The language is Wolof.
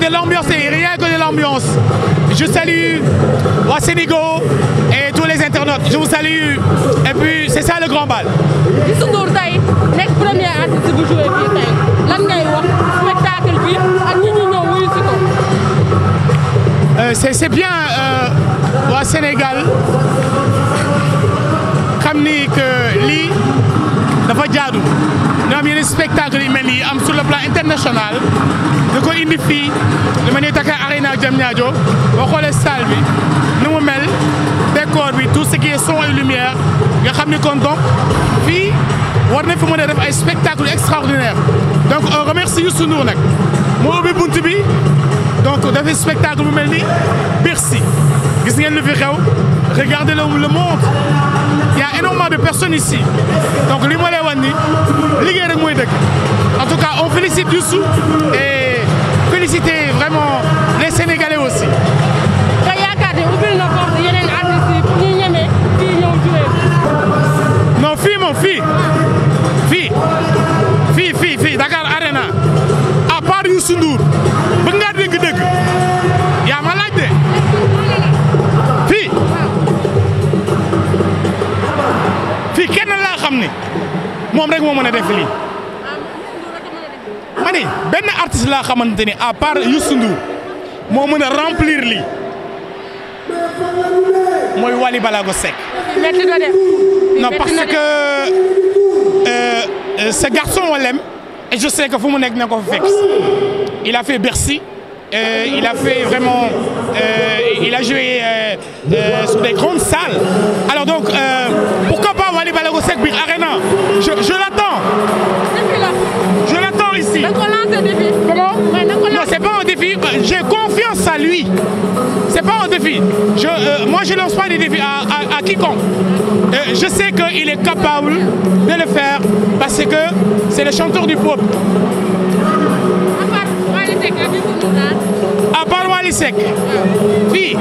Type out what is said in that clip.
c'est de l'ambiance et rien que de l'ambiance. Je salue Wassenigo et tous les internautes. Je vous salue. Et puis, c'est ça le grand bal. Youssou Ndour tey nekk premier artiste bu joué fii tey lan ngay wax spectacle bi ak ñi ñu ñëw wuyu si ko. Euh, c'est c'est bien euh, waa Sénégal xam ni que lii. dafa jaadu ñu am yeneen spectacle yu mel nii am sur le plan international da ko indi fii li mel ne Dakar Arena ak Diamniadio boo xoolee salle bi ni mu mel décor bi tout ce qui est lumière nga xam ni kon donc fii war na fi mu ne def ay spectacle extraordinaire donc on remercie Youssou Ndour nag moo ubbi bunt bi donc dafa spectacle bu mel ni Bercy gis ngeen lu fi xew regardez le monde personne ici donc li ma lay wax ni liggéey rek en tout cas on félicite Youssou et féliciter vraiment les Sénégalais aussi. nga yaakaar ne ubbil na porte yeneen artistes yi pour ñu ñeme fii ñëw jouer. non fii moom fii fii fii fii Dakar Arena à part Youssou Ndour moom rek moo mën a def lii. ma benn artiste laa xamante ni à part Youssou Ndour moo mën a remplir lii mooy Wally Balago Seck. métti parce que ce garçon on je sais que fu mu nekk na ko fa fekk il a fait Bercy il a fait sur des grandes salles alors donc pourquoi pas Wally Balago Seck bi Arena j'ai confiance à lui. C'est pas un défi. Je, euh, moi, je lance pas des défis à, à, à quiconque. Euh, je sais qu'il est capable de le faire parce que c'est le chanteur du peuple. À part Walisek, fille.